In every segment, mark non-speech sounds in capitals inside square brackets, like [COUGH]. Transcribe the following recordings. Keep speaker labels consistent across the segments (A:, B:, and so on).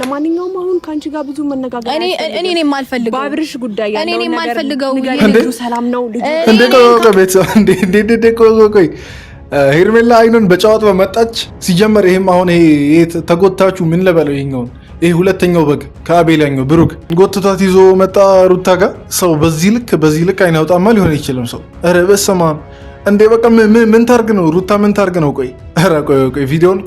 A: ለማንኛውም አሁን ከአንቺ ጋር ብዙ መነጋገር
B: እኔ እኔ እኔ የማልፈልገው
A: በአብርሽ ጉዳይ ያለው ልጁ ሰላም ነው።
C: ልጁ ቆይ ቆይ ቆይ ቆይ ሄርሜላ አይኑን በጨዋት በመጣች ሲጀመር ይሄም አሁን ይሄ ተጎታችሁ ምን ለበለው ይሄኛውን ይሄ ሁለተኛው በግ ከአቤላኛው ብሩክ ጎትቷት ይዞ መጣ ሩታ ጋር ሰው በዚህ ልክ በዚህ ልክ አይናውጣማ ሊሆን አይችልም ሰው ኧረ በስመ አብ እንዴ በቃ ምን ታርግ ነው ሩታ ምን ታርግ ነው? ቆይ ኧረ ቆይ ቆይ ቪዲዮን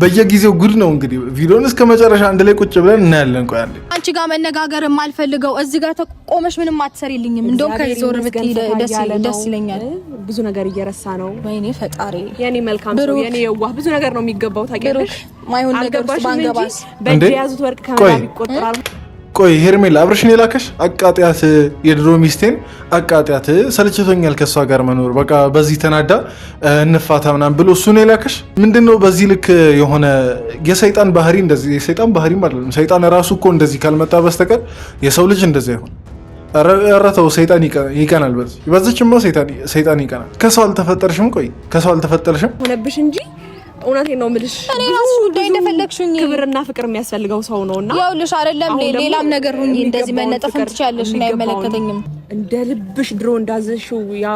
C: በየጊዜው ጉድ ነው እንግዲህ ቪዲዮን እስከ መጨረሻ አንድ ላይ ቁጭ ብለን እናያለን። ቆይ አለ
B: አንቺ ጋር መነጋገር የማልፈልገው እዚህ ጋር ተቆመሽ ምንም አትሰሪልኝም። እንደውም ከዚህ ዞር ብትይ ደስ ይለኛል።
A: ብዙ ነገር እየረሳ ነው።
B: ወይኔ ፈጣሪ፣
A: የኔ መልካም ሰው፣ የኔ የዋህ ብዙ ነገር ነው የሚገባው። ታውቂያለሽ፣ ማይሆን ነገር ባንገባስ
C: በእንደ ያዙት ወርቅ ከመዳብ ይቆጠራል። ቆይ ሄርሜላ አብርሽን የላከሽ አቃጢያት፣ የድሮ ሚስቴን አቃጢያት፣ ሰልችቶኛል ከእሷ ጋር መኖር፣ በቃ በዚህ ተናዳ እንፋታ ምናምን ብሎ እሱን የላከሽ ምንድን ነው? በዚህ ልክ የሆነ የሰይጣን ባህሪ እንደዚህ የሰይጣን ባህሪም አይደለም ሰይጣን ራሱ እኮ እንደዚህ ካልመጣ በስተቀር የሰው ልጅ እንደዚህ አይሆን። ረተው ሰይጣን ይቀናል። በዚህ በዚችማ ሰይጣን ይቀናል። ከሰው አልተፈጠርሽም። ቆይ ከሰው አልተፈጠርሽም
A: ሆነብሽ እንጂ እውነቴን ነው የምልሽ።
B: እኔ ራሱ ጉዳይ እንደፈለግሽኝ
A: ክብርና ፍቅር የሚያስፈልገው ሰው ነውና
B: ይኸውልሽ፣ አይደለም ሌላም ነገር ሁኚ፣ እንደዚህ መነጠፍም ትችያለሽ እና አይመለከተኝም።
A: እንደ ልብሽ ድሮ እንዳዘሽው ያ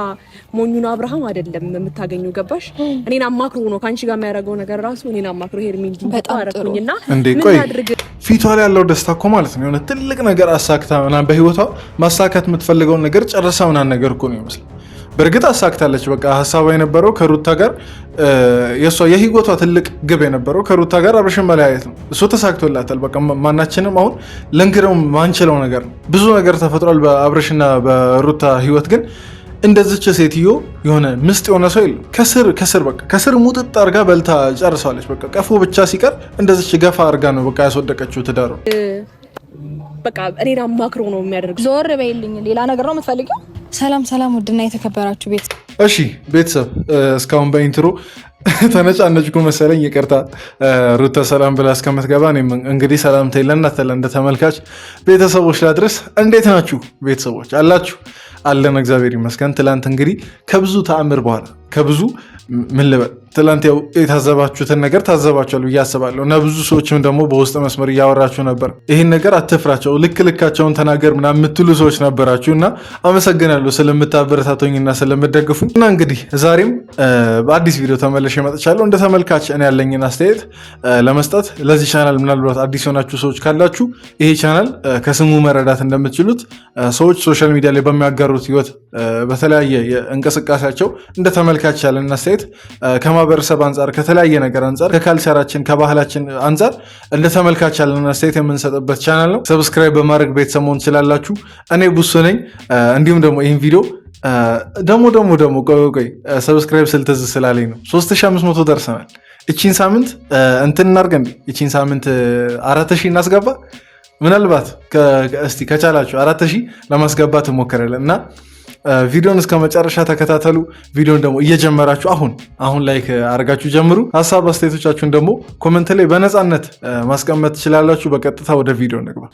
A: ሞኙን አብርሃም አይደለም የምታገኙ ገባሽ። እኔን አማክሮ ነው ከአንቺ ጋር የሚያደርገው ነገር ራሱ እኔን አማክሮ ሄድ ሚል
B: በጣም ጥሩኝና
C: እንዴ፣ ቆይ ፊቷ ላይ ያለው ደስታ እኮ ማለት ነው የሆነ ትልቅ ነገር አሳክታ ምናምን በህይወቷ ማሳካት የምትፈልገውን ነገር ጨርሳ ምናምን ነገር እኮ ነው ይመስላል በእርግጥ አሳክታለች። በቃ ሀሳቧ የነበረው ከሩታ ጋር የእሷ የህይወቷ ትልቅ ግብ የነበረው ከሩታ ጋር አብርሽን መለያየት ነው። እሱ ተሳክቶላታል። በቃ ማናችንም አሁን ልንግረው ማንችለው ነገር ነው። ብዙ ነገር ተፈጥሯል በአብርሽና በሩታ ህይወት ግን እንደዚች ሴትዮ የሆነ ምስጥ የሆነ ሰው የለም። ከስር ከስር በቃ ከስር ሙጥጥ አርጋ በልታ ጨርሰዋለች። በቃ ቀፎ ብቻ ሲቀር እንደዚች ገፋ አርጋ ነው በቃ ያስወደቀችው ትዳሩ።
A: በቃ እኔን አማክሮ ነው የሚያደርግ። ዞር በይልኝ፣ ሌላ ነገር ነው የምትፈልገው
B: ሰላም ሰላም፣ ውድና የተከበራችሁ ቤት
C: እሺ፣ ቤተሰብ እስካሁን በኢንትሮ [LAUGHS] ተነጫነጭኩ መሰለኝ፣ ይቅርታ። ሩተ ሰላም ብላ እስከምትገባ እንግዲህ ሰላምታ ለእናንተ እንደ ተመልካች ቤተሰቦች ላድረስ። እንዴት ናችሁ ቤተሰቦች? አላችሁ አለን እግዚአብሔር ይመስገን። ትላንት እንግዲህ ከብዙ ተአምር በኋላ ከብዙ ምን ልበል ትላንት ያው የታዘባችሁትን ነገር ታዘባችኋል ብዬ አስባለሁ እና ብዙ ሰዎችም ደግሞ በውስጥ መስመር እያወራችሁ ነበር። ይህን ነገር አትፍራቸው፣ ልክ ልካቸውን ተናገር ምናምን የምትሉ ሰዎች ነበራችሁ እና አመሰግናለሁ ስለምታበረታቶኝና ስለምደግፉ። እና እንግዲህ ዛሬም በአዲስ ቪዲዮ ተመልሼ መጥቻለሁ። እንደ ተመልካች እኔ ያለኝን አስተያየት ለመስጠት ለዚህ ቻናል ምናልባት አዲስ የሆናችሁ ሰዎች ካላችሁ ይሄ ቻናል ከስሙ መረዳት እንደምትችሉት ሰዎች ሶሻል ሚዲያ ላይ በሚያጋ በሚመሩት ህይወት በተለያየ እንቅስቃሴያቸው እንደ ተመልካች ያለን አስተያየት ከማህበረሰብ አንጻር ከተለያየ ነገር አንጻር ከካልቸራችን ከባህላችን አንጻር እንደ ተመልካች ያለን አስተያየት የምንሰጥበት ቻናል ነው። ሰብስክራይብ በማድረግ ቤተሰብ መሆን ትችላላችሁ። እኔ ቡሱ ነኝ። እንዲሁም ደግሞ ይህን ቪዲዮ ደግሞ ደግሞ ደግሞ ቆይ ቆይ ሰብስክራይብ ስልትዝ ስላለኝ ነው 3500 ደርሰናል። እቺን ሳምንት እንትን እናርገን እቺን ሳምንት አራት ሺህ እናስገባ ምናልባት እስቲ ከቻላችሁ አራት ሺህ ለማስገባት እንሞክራለን እና ቪዲዮን እስከ መጨረሻ ተከታተሉ። ቪዲዮን ደግሞ እየጀመራችሁ አሁን አሁን ላይክ አድርጋችሁ ጀምሩ። ሀሳብ አስተያየቶቻችሁን ደግሞ ኮመንት ላይ በነፃነት ማስቀመጥ ትችላላችሁ። በቀጥታ ወደ ቪዲዮ እንግባ።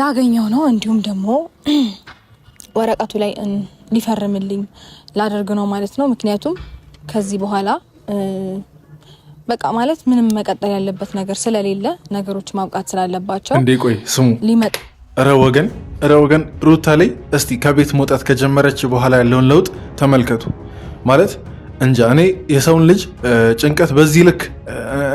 B: ላገኘው ነው እንዲሁም ደግሞ [CLEARS THROAT] ወረቀቱ ላይ ሊፈርምልኝ ላደርግ ነው ማለት ነው። ምክንያቱም ከዚህ በኋላ በቃ ማለት ምንም መቀጠል ያለበት ነገር ስለሌለ ነገሮች ማብቃት ስላለባቸው
C: እንዴ ቆይ ስሙ ሊመጣ እረ ወገን እረ ወገን ሩታ ላይ እስቲ ከቤት መውጣት ከጀመረች በኋላ ያለውን ለውጥ ተመልከቱ። ማለት እንጃ እኔ የሰውን ልጅ ጭንቀት በዚህ ልክ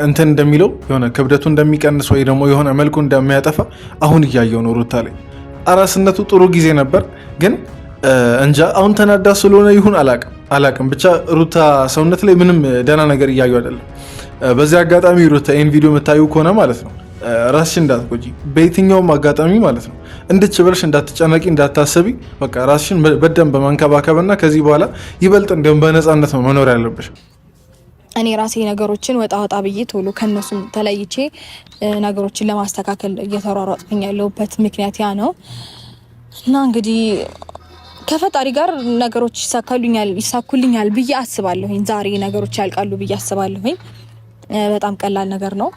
C: እንትን እንደሚለው የሆነ ክብደቱ እንደሚቀንስ ወይ ደግሞ የሆነ መልኩ እንደሚያጠፋ አሁን እያየው ነው። ሩታ ላይ አራስነቱ ጥሩ ጊዜ ነበር፣ ግን እንጃ አሁን ተናዳ ስለሆነ ይሁን አላቅም አላቅም ብቻ ሩታ ሰውነት ላይ ምንም ደህና ነገር እያዩ አይደለም። በዚህ አጋጣሚ ሩታ ይህን ቪዲዮ የምታዩ ከሆነ ማለት ነው ራስሽ እንዳትቆጂ በየትኛውም አጋጣሚ ማለት ነው እንድትችበልሽ እንዳትጨነቂ እንዳታሰቢ በቃ ራስሽን በደንብ በመንከባከብና ከዚህ በኋላ ይበልጥ እንዲሁም በነፃነት ነው መኖር ያለብሽ።
B: እኔ ራሴ ነገሮችን ወጣ ወጣ ብዬ ቶሎ ከነሱም ተለይቼ ነገሮችን ለማስተካከል እየተሯሯጥኩኝ ያለሁበት ምክንያት ያ ነው እና እንግዲህ ከፈጣሪ ጋር ነገሮች ይሳካሉኛል ይሳኩልኛል ብዬ አስባለሁኝ። ዛሬ ነገሮች ያልቃሉ ብዬ አስባለሁኝ። በጣም ቀላል ነገር ነው።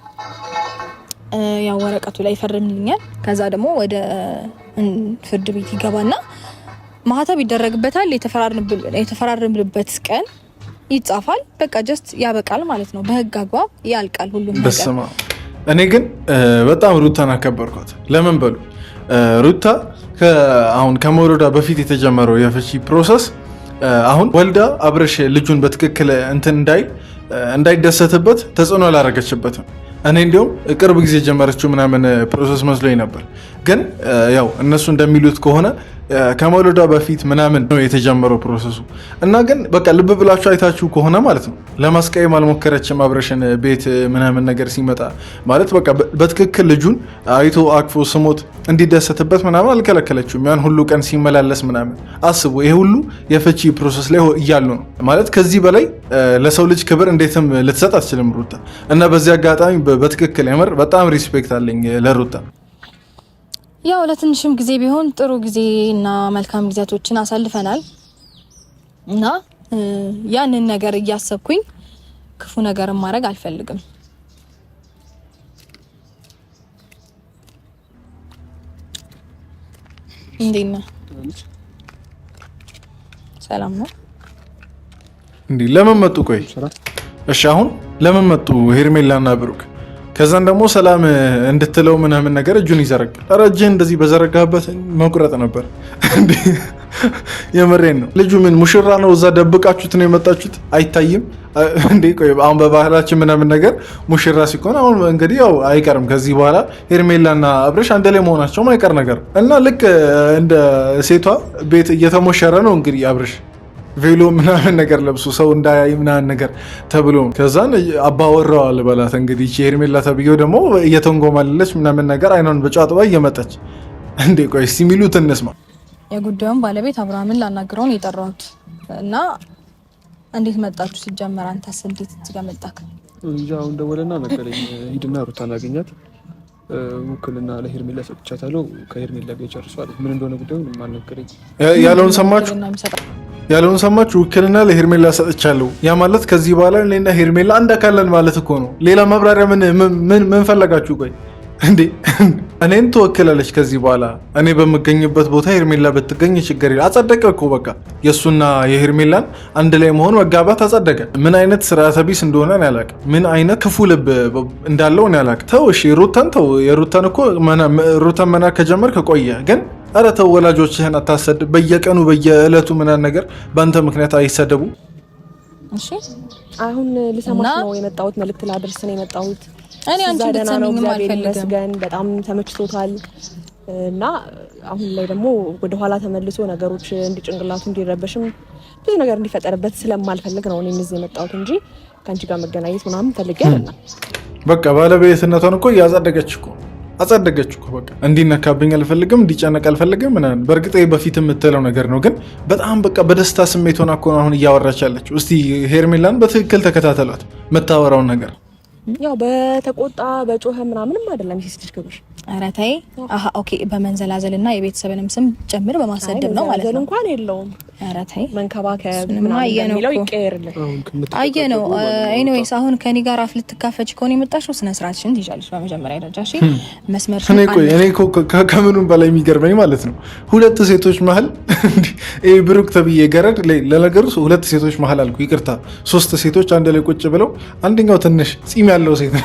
B: ያው ወረቀቱ ላይ ይፈርምልኛል። ከዛ ደግሞ ወደ ፍርድ ቤት ይገባና ማህተብ ይደረግበታል። የተፈራረምንበት ቀን ይጻፋል። በቃ ጀስት ያበቃል ማለት ነው። በህግ አግባብ ያልቃል
C: ሁሉም ነገር። እኔ ግን በጣም ሩታን አከበርኳት። ለምን በሉ ሩታ አሁን ከመውለዷ በፊት የተጀመረው የፍቺ ፕሮሰስ አሁን ወልዳ አብረሽ ልጁን በትክክል እንትን እንዳይ እንዳይደሰትበት ተጽዕኖ አላረገችበትም። እኔ እንዲሁም ቅርብ ጊዜ ጀመረችው ምናምን ፕሮሰስ መስሎኝ ነበር። ግን ያው እነሱ እንደሚሉት ከሆነ ከመውለዷ በፊት ምናምን ነው የተጀመረው ፕሮሰሱ እና ግን በቃ ልብ ብላችሁ አይታችሁ ከሆነ ማለት ነው ለማስቀየም አልሞከረችም። አብረሽን ቤት ምናምን ነገር ሲመጣ ማለት በቃ በትክክል ልጁን አይቶ አቅፎ ስሞት እንዲደሰትበት ምናምን አልከለከለችውም። ያን ሁሉ ቀን ሲመላለስ ምናምን አስቡ። ይሄ ሁሉ የፍቺ ፕሮሰስ ላይ እያሉ ነው ማለት ከዚህ በላይ ለሰው ልጅ ክብር እንዴትም ልትሰጥ አትችልም ሩታ። እና በዚህ አጋጣሚ በትክክል የምር በጣም ሪስፔክት አለኝ ለሩታ።
B: ያው ለትንሽም ጊዜ ቢሆን ጥሩ ጊዜ እና መልካም ጊዜያቶችን አሳልፈናል እና ያንን ነገር እያሰብኩኝ ክፉ ነገርን ማድረግ አልፈልግም። እንዴት ነህ? ሰላም ነው
C: እንዴ? ለምን መጡ? ቆይ እሺ፣ አሁን ለምን መጡ ሄርሜላና ብሩክ? ከዛን ደግሞ ሰላም እንድትለው ምናምን ነገር እጁን ይዘረግ ረጅህ እንደዚህ በዘረጋበት መቁረጥ ነበር። የምሬን ነው። ልጁ ምን ሙሽራ ነው? እዛ ደብቃችሁት ነው የመጣችሁት? አይታይም እንዴ? ቆይ አሁን በባህላችን ምናምን ነገር ሙሽራ ሲኮን አሁን እንግዲህ ያው አይቀርም። ከዚህ በኋላ ሄርሜላና አብረሽ አንድ ላይ መሆናቸውም አይቀር ነገር እና ልክ እንደ ሴቷ ቤት እየተሞሸረ ነው እንግዲህ አብረሽ ቬሎ ምናምን ነገር ለብሶ ሰው እንዳያይ ምናምን ነገር ተብሎ ከዛን አባወራዋ በላት። እንግዲህ ሄርሜላ ተብዬው ደግሞ እየተንጎማለች ምናምን ነገር አይኗን በጫጥባ እየመጠች እንዴ፣ ቆይ እስኪ የሚሉት እንስማ።
B: የጉዳዩን ባለቤት አብርሃምን ላናግረውን የጠራሁት እና እንዴት መጣችሁ ሲጀመር፣ አንተስ እንዴት እዚህ ጋር መጣክ?
A: እንጃ ደወለና ነገረኝ። ሂድና ሩታን አገኛት ውክልና ለሄርሜላ ሰጥቻታለሁ፣ ከሄርሜላ ጋር ጨርሷል። ምን እንደሆነ ጉዳዩን ማልነገረኝ
C: ያለውን ሰማችሁ ያለውን ሰማችሁ? ውክልና ለሄርሜላ ሰጥቻለሁ። ያ ማለት ከዚህ በኋላ እኔና ሄርሜላ አንድ አካለን ማለት እኮ ነው። ሌላ መብራሪያ ምን ፈለጋችሁ? ቆይ እንዴ እኔን ትወክላለች ከዚህ በኋላ እኔ በምገኝበት ቦታ ሄርሜላ ብትገኝ ችግር የለም። አጸደቀ እኮ በቃ የእሱና የሄርሜላን አንድ ላይ መሆን መጋባት አጸደቀ። ምን አይነት ስርዓተ ቢስ እንደሆነ እኔ ምን አይነት ክፉ ልብ እንዳለው እኔ አላቅም። ተው እሺ ሩታን ተው። የሩተን እኮ ሩተን መናቅ ከጀመርክ ቆየ ግን ኧረ ተው ወላጆችህን አታሰድ። በየቀኑ በየእለቱ ምናምን ነገር በአንተ ምክንያት አይሰደቡ።
B: እሺ አሁን ልሰማሽ ነው የመጣሁት፣ መልዕክት ላድርስ ነው የመጣሁት። እኔ አንቺ ልትሰሚኝም አልፈልግም። በጣም ተመችቶታል እና አሁን ላይ ደግሞ ወደኋላ ተመልሶ ነገሮች እንዲጭንቅላቱ እንዲረበሽም ብዙ ነገር እንዲፈጠርበት ስለማልፈልግ ነው እኔም እዚህ የመጣሁት እንጂ ከአንቺ ጋር መገናኘት ምናምን ፈልጌ አይደለም።
C: በቃ ባለቤትነቷን እኮ እያጸደቀች እኮ አጸደገች እኮ በቃ እንዲነካብኝ አልፈልግም፣ እንዲጨነቅ አልፈልግም ምናምን። በእርግጥ በፊት የምትለው ነገር ነው፣ ግን በጣም በቃ በደስታ ስሜት ሆና እኮ አሁን እያወራች ያለችው። እስቲ ሄርሜላን በትክክል ተከታተሏት የምታወራውን ነገር
B: ያው በተቆጣ በጮኸ ምናምንም አይደለም የሴት ልጅ ክብር። ኧረ ተይ። አሀ ኦኬ። በመንዘላዘል እና የቤተሰብንም ስም ጭምር በማሰደብ ነው ማለት
A: ነው። እንኳን የለውም። ኧረ ተይ። መንከባከብ
B: የሚለው ይቀየርልን። አየ ነው። ኤኒዌይስ አሁን ከኔ ጋር አፍ ልትካፈች ከሆነ የመጣሽው ስነ ስርዓትሽን ትይዣለሽ በመጀመሪያ ደረጃ እሺ።
C: መስመር እኔ እኮ ከምኑም በላይ የሚገርመኝ ማለት ነው ሁለት ሴቶች መሀል ይህ ብሩክ ተብዬ ገረድ ለነገሩ ሁለት ሴቶች መሀል አልኩ ይቅርታ፣ ሶስት ሴቶች አንድ ላይ ቁጭ ብለው አንደኛው ትንሽ ፂም ያለው ሴት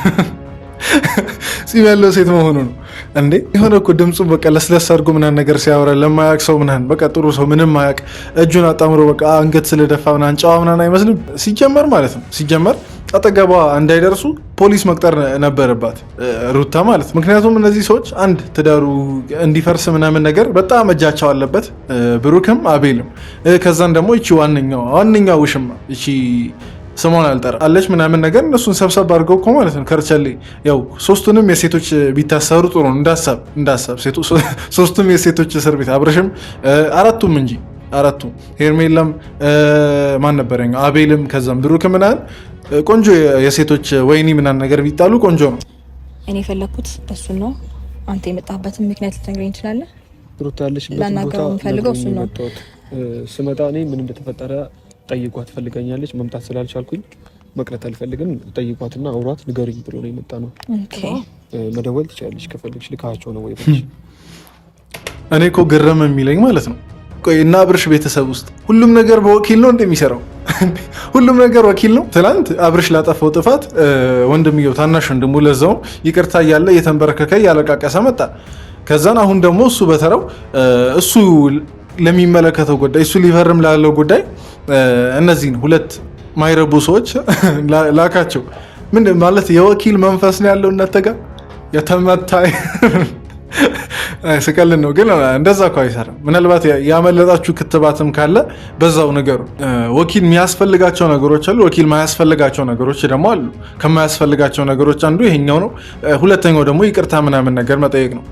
C: [LAUGHS] ያለው ሴት መሆኑ ነው እንዴ? የሆነ እኮ ድምፁ በቃ ለስለስ አድርጎ ምናን ነገር ሲያወራ ለማያውቅ ሰው ምናን በቃ ጥሩ ሰው ምንም ማያቅ እጁን አጣምሮ በቃ አንገት ስለደፋ ምናን ጨዋ ምናን አይመስልም ሲጀመር ማለት ነው። ሲጀመር አጠገቧ እንዳይደርሱ ፖሊስ መቅጠር ነበረባት ሩታ ማለት ምክንያቱም እነዚህ ሰዎች አንድ ትዳሩ እንዲፈርስ ምናምን ነገር በጣም እጃቸው አለበት፣ ብሩክም አቤልም። ከዛን ደግሞ ይቺ ዋነኛዋ ዋነኛ ውሽማ ይቺ ስሟን አልጠራ አለች ምናምን ነገር እነሱን ሰብሰብ አድርገው እኮ ማለት ነው ከርቸሌ ያው ሶስቱንም የሴቶች ቢታሰሩ ጥሩ ነው እንዳሳብ እንዳሳብ [LAUGHS] ሶስቱም የሴቶች እስር ቤት አብረሽም አራቱም እንጂ አራቱ ሄርሜላም ማን ነበረ አቤልም ከዛም ብሩክ ምናን ቆንጆ የሴቶች ወይኒ ምናን ነገር ቢጣሉ ቆንጆ ነው።
B: እኔ የፈለግኩት እሱ ነው። አንተ የመጣበትን ምክንያት ልትነግረኝ ትችላለህ?
A: ሩታ ያለሽበት
B: ቦታ ፈልገው እሱን
A: ነው። ስመጣ እኔ ምን እንደተፈጠረ ጠይቋ ትፈልገኛለች መምጣት ስላልቻልኩኝ መቅረት አልፈልግም። ጠይቋትና አውሯት ንገሩኝ ብሎ ነው የመጣ ነው። መደወል ትችላለች ከፈልግሽ። ልካቸው ነው ወይ
C: እኔ እኮ ግርም የሚለኝ ማለት ነው። ቆይ እና አብርሽ ቤተሰብ ውስጥ ሁሉም ነገር በወኪል ነው እንደሚሰራው [LAUGHS] ሁሉም ነገር ወኪል ነው። ትናንት አብርሽ ላጠፋው ጥፋት ወንድምየው ታናሽ ወንድሙ ለዛው ይቅርታ እያለ እየተንበረከከ እያለቃቀሰ መጣ። ከዛን አሁን ደግሞ እሱ በተራው እሱ ለሚመለከተው ጉዳይ እሱ ሊፈርም ላለው ጉዳይ እነዚህን ሁለት ማይረቡ ሰዎች ላካቸው። ምን ማለት የወኪል መንፈስ ነው ያለው እናንተ ጋር የተመታ [LAUGHS] ስቀልን ነው ግን እንደዛ እኮ አይሰራም። ምናልባት ያመለጣችሁ ክትባትም ካለ በዛው ነገሩ። ወኪል የሚያስፈልጋቸው ነገሮች አሉ፣ ወኪል ማያስፈልጋቸው ነገሮች ደግሞ አሉ። ከማያስፈልጋቸው ነገሮች አንዱ ይሄኛው ነው። ሁለተኛው ደግሞ ይቅርታ ምናምን ነገር መጠየቅ ነው።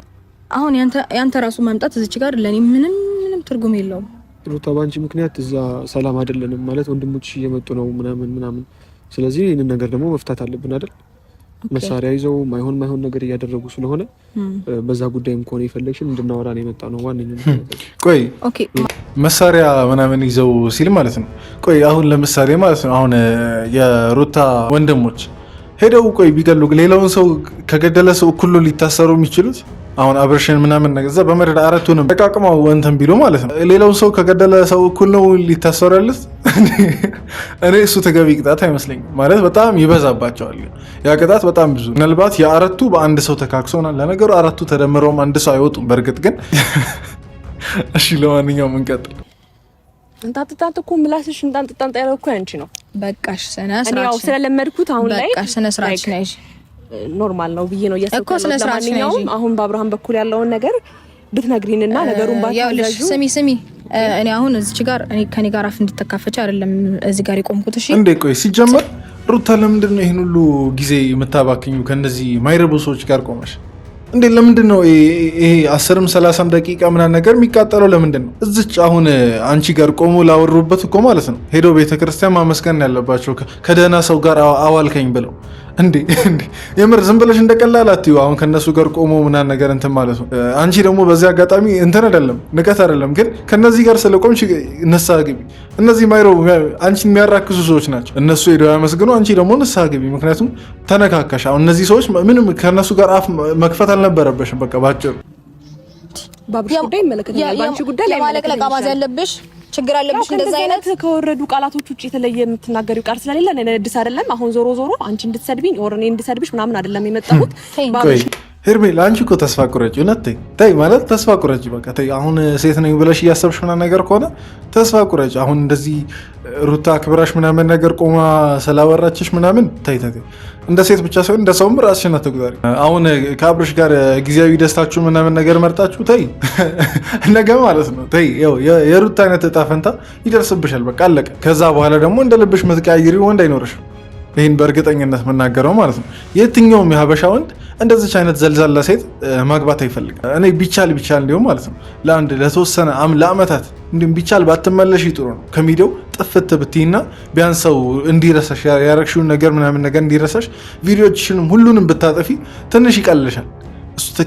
B: አሁን ያንተ ራሱ መምጣት እዚች ጋር ለእኔ ምንም ምንም ትርጉም የለውም።
A: ሩታ በአንቺ ምክንያት እዛ ሰላም አይደለንም ማለት ወንድሞች እየመጡ ነው ምናምን ምናምን። ስለዚህ ይህንን ነገር ደግሞ መፍታት አለብን አይደል? መሳሪያ ይዘው ማይሆን ማይሆን ነገር እያደረጉ ስለሆነ በዛ ጉዳይም ከሆነ የፈለግሽን እንድናወራ ነው የመጣ ነው። ዋነኛው
C: ቆይ መሳሪያ ምናምን ይዘው ሲል ማለት ነው። ቆይ አሁን ለምሳሌ ማለት ነው አሁን የሩታ ወንድሞች ሄደው ቆይ ቢገሉ ሌላውን ሰው ከገደለ ሰው እኩሉ ሊታሰሩ የሚችሉት አሁን አብርሽን ምናምን ነገዛ በመድድ አራቱንም ተቃቅመው እንትን ቢሉ ማለት ነው። ሌላውን ሰው ከገደለ ሰው እኩል ነው ሊታሰራለት። እኔ እሱ ተገቢ ቅጣት አይመስለኝም። ማለት በጣም ይበዛባቸዋል። ያ ቅጣት በጣም ብዙ። ምናልባት የአራቱ በአንድ ሰው ተካክሶናል። ለነገሩ አራቱ ተደምረውም አንድ ሰው አይወጡም። በእርግጥ ግን [LAUGHS] እሺ፣ ለማንኛውም እንቀጥል።
B: እንጣጥጣጥ እኮ ምላስሽ እንጣጥጣጥ ያለው እኮ ያንቺ ነው። በቃሽ፣ ስነ ስለለመድኩት አሁን ላይ በቃሽ፣ ስነ ስርዓት
A: ኖርማል ነው ብዬ ነው እኮ አሁን በአብርሃም በኩል ያለውን ነገር ብትነግሪንና ነገሩን
B: ባታዘዡ ስሚ ስሚ እኔ አሁን እዚች ጋር እኔ ከኔ ጋር አፍ እንድትከፈች አይደለም እዚህ ጋር የቆምኩት እሺ
C: እንዴ ቆይ ሲጀመር ሩታ ለምንድን ነው ይህን ሁሉ ጊዜ የምታባክኙ ከእነዚህ ማይረቡ ሰዎች ጋር ቆመሽ እንዴ ለምንድን ነው ይሄ አስርም ሰላሳም ደቂቃ ምናምን ነገር የሚቃጠለው ለምንድን ነው እዚች አሁን አንቺ ጋር ቆሞ ላወሩበት እኮ ማለት ነው ሄደው ቤተክርስቲያን ማመስገን ያለባቸው ከደህና ሰው ጋር አዋልከኝ ብለው እንዴ የምር ዝም ብለሽ እንደቀላላት አሁን ከነሱ ጋር ቆሞ ምናምን ነገር እንትን ማለት ነው። አንቺ ደግሞ በዚህ አጋጣሚ እንትን አይደለም ንቀት አይደለም፣ ግን ከነዚህ ጋር ስለቆምሽ ንስሓ ግቢ። እነዚህ ማይሮ አንቺ የሚያራክሱ ሰዎች ናቸው። እነሱ ሄደው ያመስግኑ፣ አንቺ ደግሞ ንስሓ ግቢ። ምክንያቱም ተነካከሽ። አሁን እነዚህ ሰዎች ምንም ከነሱ ጋር አፍ መክፈት አልነበረበሽም። በቃ ባጭሩ
B: ባብሽ ጉዳይ ይመለከተኛል። ባንቺ ጉዳይ ላይ ማለቅለቅ አባዝ ያለብሽ ችግር አለብሽ።
A: እንደዛ አይነት ከወረዱ ቃላቶች ውጭ የተለየ የምትናገሪው ቃል ስለሌለ እኔ ነድስ አይደለም። አሁን ዞሮ ዞሮ አንቺ እንድትሰድቢኝ ኦር እኔ እንድሰድብሽ ምናምን አይደለም የመጣሁት።
C: ሄርሜላ ለአንቺ እኮ ተስፋ ቁረጭ። እውነት ተይ ተይ ማለት ተስፋ ቁረጭ። በቃ ተይ አሁን ሴት ነኝ ብለሽ እያሰብሽ ምናምን ነገር ከሆነ ተስፋ ቁረጭ። አሁን እንደዚህ ሩታ ክብራሽ ምናምን ነገር ቆማ ስላወራችሽ ምናምን ተይ ተይ። እንደ ሴት ብቻ ሳይሆን እንደ ሰውም ራስሽን አትቆጣሪ። አሁን ከአብርሽ ጋር ጊዜያዊ ደስታችሁ ምናምን ነገር መርጣችሁ ተይ፣ [LAUGHS] ነገ ማለት ነው ተይ። የሩታ አይነት እጣ ፈንታ ይደርስብሻል። በቃ አለቀ። ከዛ በኋላ ደግሞ እንደ ልብሽ ምትቀያይሪ ወንድ አይኖርሽም። ይህን በእርግጠኝነት የምናገረው ማለት ነው። የትኛውም የሀበሻ ወንድ እንደዚች አይነት ዘልዛላ ሴት ማግባት አይፈልግም። እኔ ቢቻል ቢቻል እንዲሁም ማለት ነው ለአንድ ለተወሰነ ለአመታት እንዲሁም ቢቻል ባትመለሽ ጥሩ ነው። ከሚዲያው ጥፍት ብትይና ቢያንስ ሰው እንዲረሳሽ ያረግሽውን ነገር ምናምን ነገር እንዲረሳሽ ቪዲዮችንም ሁሉንም ብታጠፊ ትንሽ ይቀልሻል።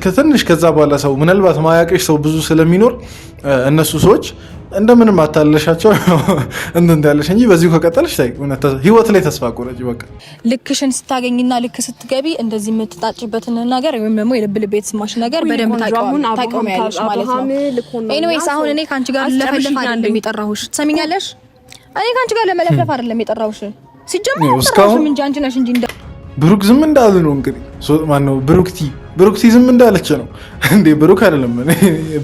C: ከትንሽ ከዛ በኋላ ሰው ምናልባት ማያውቅሽ ሰው ብዙ ስለሚኖር እነሱ ሰዎች እንደምንም አታለሻቸው [LAUGHS] እንትን ያለሽ እንጂ በዚሁ ከቀጠልሽ ህይወት ላይ ተስፋ ቆረጭ። በቃ
B: ልክሽን ስታገኝና ልክ ስትገቢ እንደዚህ የምትጣጭበትን ነገር ወይም ደግሞ የልብ ልብ ስማሽ ነገር በደንብ ታውቂዋለሽ ማለት ነው። ኤኒዌይስ አሁን እኔ ከአንቺ ጋር ለፈልፍ አይደለም የጠራሁሽ፣ ትሰሚኛለሽ? እኔ ከአንቺ ጋር ለመለፍለፍ አይደለም የጠራሁሽ። ሲጀመር
C: አልጠራሁሽም እንጂ አንቺ ነሽ እንጂ ብሩክ ዝም እንዳሉ ነው እንግዲህ ማነው ብሩክቲ ብሩክቲ ዝም እንዳለች ነው እንዴ? ብሩክ አይደለም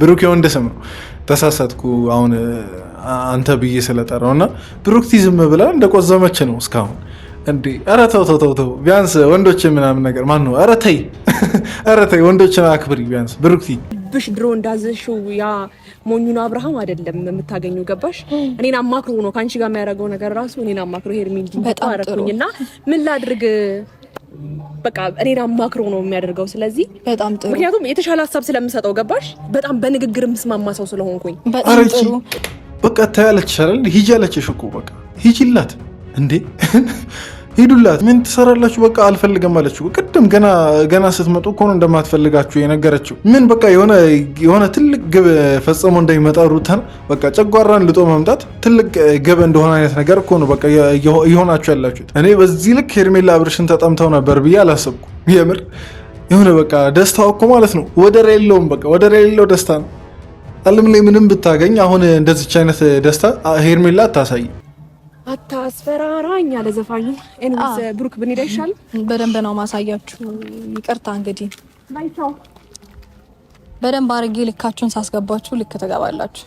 C: ብሩክ የወንድ ስም ነው። ተሳሳትኩ አሁን አንተ ብዬ ስለጠራው እና ብሩክቲ ዝም ብላ እንደቆዘመች ነው እስካሁን። እንዴ ኧረ ተው ተው ተው፣ ቢያንስ ወንዶች ምናምን ነገር ማን ነው? ኧረ ተይ [LAUGHS] ኧረ ተይ፣ ወንዶችን አክብሪ ቢያንስ ብሩክቲ።
A: ብሽ ድሮ እንዳዘሽው ያ ሞኙን አብርሃም አይደለም የምታገኙ ገባሽ? እኔን አማክሮ ነው ከአንቺ ጋር የሚያደርገው ነገር ራሱ እኔን አማክሮ ሄድ ሚል በጣም ምን ላድርግ በቃ እኔን አማክሮ ነው የሚያደርገው። ስለዚህ በጣም ጥሩ ምክንያቱም የተሻለ ሀሳብ ስለምሰጠው ገባሽ። በጣም በንግግር የምስማማ ሰው ስለሆንኩኝ
C: በጣም ጥሩ በቃ ታያለች። ይሻላል ሂጂ አለችሽ እኮ በቃ ሂጂላት እንዴ ሂዱላት። ምን ትሰራላችሁ? በቃ አልፈልገም አለችው። ቅድም ገና ገና ስትመጡ እኮ ነው እንደማትፈልጋችሁ የነገረችው። ምን በቃ የሆነ ትልቅ ግብ ፈጽሞ እንዳይመጣ በቃ ጨጓራን ልጦ መምጣት ትልቅ ግብ እንደሆነ አይነት ነገር እኮ ነው በቃ የሆናችሁ ያላችሁት። እኔ በዚህ ልክ ሄርሜላ አብርሽን ተጠምተው ነበር ብዬ አላሰብኩ። የምር የሆነ በቃ ደስታው እኮ ማለት ነው ወደር የለውም። በቃ ወደር የሌለው ደስታ ነው። ዓለም ላይ ምንም ብታገኝ አሁን እንደዚች አይነት ደስታ ሄርሜላ አታሳይ።
B: አታስፈራራኝ አለ ዘፋኙ። ኤንስ ብሩክ ብንሄድ አይሻልም? በደንብ ነው ማሳያችሁ። ይቅርታ እንግዲህ በደንብ አድርጌ ልካችሁን ሳስገባችሁ ልክ ትገባላችሁ።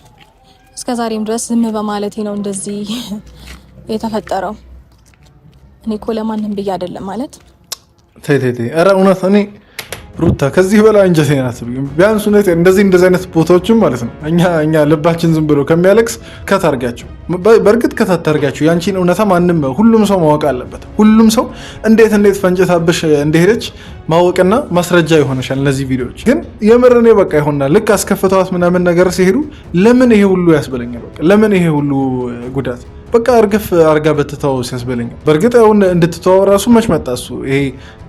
B: እስከ ዛሬም ድረስ ዝም በማለቴ ነው እንደዚህ [LAUGHS] የተፈጠረው። እኔ እኮ ለማንም ብዬ አይደለም ማለት
C: ተይ ተይ ተይ፣ ኧረ እውነት እኔ ሩታ ከዚህ በላይ አንጀቴን አትብይም። ቢያንስ ሁኔታ እንደዚህ እንደዚህ አይነት ቦታዎችም ማለት ነው እኛ እኛ ልባችን ዝም ብሎ ከሚያለቅስ ከታርጋቸው በእርግጥ ከታታርጋቸው ያንቺን እውነታ ማንም ሁሉም ሰው ማወቅ አለበት። ሁሉም ሰው እንዴት እንዴት ፈንጭታብሽ እንደሄደች ማወቅና ማስረጃ ይሆነሻል። እነዚህ ቪዲዮዎች ግን የምር እኔ በቃ ይሆናል ልክ አስከፍተዋት ምናምን ነገር ሲሄዱ ለምን ይሄ ሁሉ ያስበለኛል። በቃ ለምን ይሄ ሁሉ ጉዳት በቃ እርግፍ አርጋ በትተው ሲያስበለኛል። በእርግጥ ሁን እንድትተዋው ራሱ መች መጣ እሱ ይሄ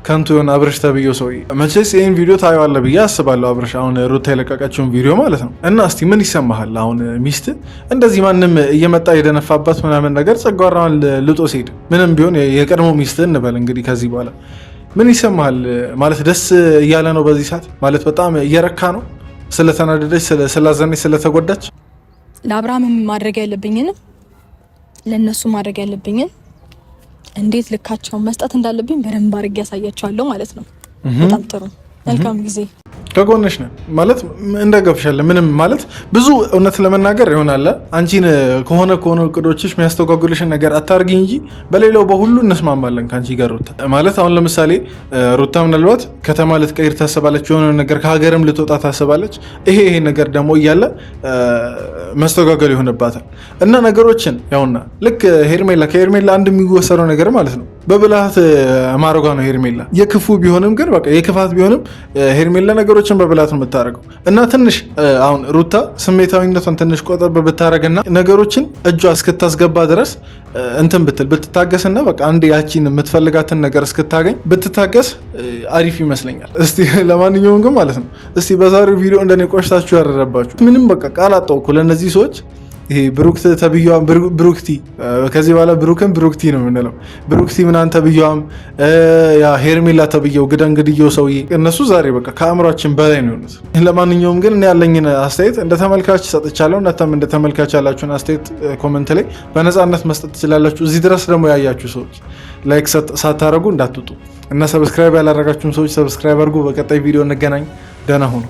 C: ከንቱ የሆነ አብረሽ ተብዬው ሰውዬ። መቼስ ይህን ቪዲዮ ታየዋለህ ብዬ አስባለሁ። አብረሽ አሁን ሩታ የለቀቀችውን ቪዲዮ ማለት ነው። እና እስቲ ምን ይሰማሃል አሁን ሚስት እንደዚህ ማንም እየመጣ የደነፋባት ምናምን ነገር ጸጓራዋን ልጦ ሲሄድ ምንም ቢሆን የቀድሞ ሚስት እንበል እንግዲህ ከዚህ በኋላ ምን ይሰማሃል? ማለት ደስ እያለ ነው በዚህ ሰዓት? ማለት በጣም እየረካ ነው ስለተናደደች፣ ስላዘነች፣ ስለተጎዳች
B: ለአብርሃምም ማድረግ ያለብኝን ለእነሱ ማድረግ ያለብኝን እንዴት ልካቸውን መስጠት እንዳለብኝ በደንብ አድርጌ ያሳያቸዋለሁ ማለት ነው። በጣም ጥሩ መልካም ጊዜ።
C: ከጎንሽ ነን ማለት እንደገብሻለን ምንም ማለት ብዙ እውነት ለመናገር ይሆናለ አንቺን ከሆነ ከሆነ እቅዶችሽ የሚያስተጓጉልሽን ነገር አታርጊ እንጂ በሌላው በሁሉ እንስማማለን ከአንቺ ጋር ሩታ። ማለት አሁን ለምሳሌ ሩታ ምናልባት ከተማ ልትቀይር ታስባለች፣ የሆነ ነገር ከሀገርም ልትወጣ ታስባለች። ይሄ ይሄ ነገር ደግሞ እያለ መስተጓገል ይሆንባታል እና ነገሮችን ያውና ልክ ሄርሜላ ከሄርሜላ አንድ የሚወሰደው ነገር ማለት ነው በብልሃት ማረጓ ነው ሄርሜላ። የክፉ ቢሆንም ግን በቃ የክፋት ቢሆንም ሄርሜላ ነገሮችን በብልሃት ነው የምታደርገው እና ትንሽ አሁን ሩታ ስሜታዊነቷን ትንሽ ቆጠር ብታደርግና ነገሮችን እጇ እስክታስገባ ድረስ እንትን ብትል ብትታገስና በቃ አንድ ያቺን የምትፈልጋትን ነገር እስክታገኝ ብትታገስ አሪፍ ይመስለኛል። እስቲ ለማንኛውም ግን ማለት ነው እስቲ በዛሬው ቪዲዮ እንደኔ ቆሽታችሁ ያደረባችሁ ምንም በቃ ቃል አጣውኩ ለእነዚህ ሰዎች ይሄ ብሩክ ተብያዋም ብሩክቲ፣ ከዚህ በኋላ ብሩክን ብሩክቲ ነው የምንለው። ብሩክቲ ምናን ተብያዋም፣ ሄርሜላ ተብየው ግደን እንግድየው ሰውዬ፣ እነሱ ዛሬ በቃ ከአእምሯችን በላይ ነው የሆኑት። ለማንኛውም ግን እኔ ያለኝን አስተያየት እንደ ተመልካች ሰጥቻለሁ። እናንተም እንደ ተመልካች ያላችሁን አስተያየት ኮመንት ላይ በነፃነት መስጠት ትችላላችሁ። እዚህ ድረስ ደግሞ ያያችሁ ሰዎች ላይክ ሳታደረጉ እንዳትወጡ እና ሰብስክራይብ ያላረጋችሁም ሰዎች ሰብስክራይብ አድርጉ። በቀጣይ ቪዲዮ እንገናኝ። ደህና ሁኑ።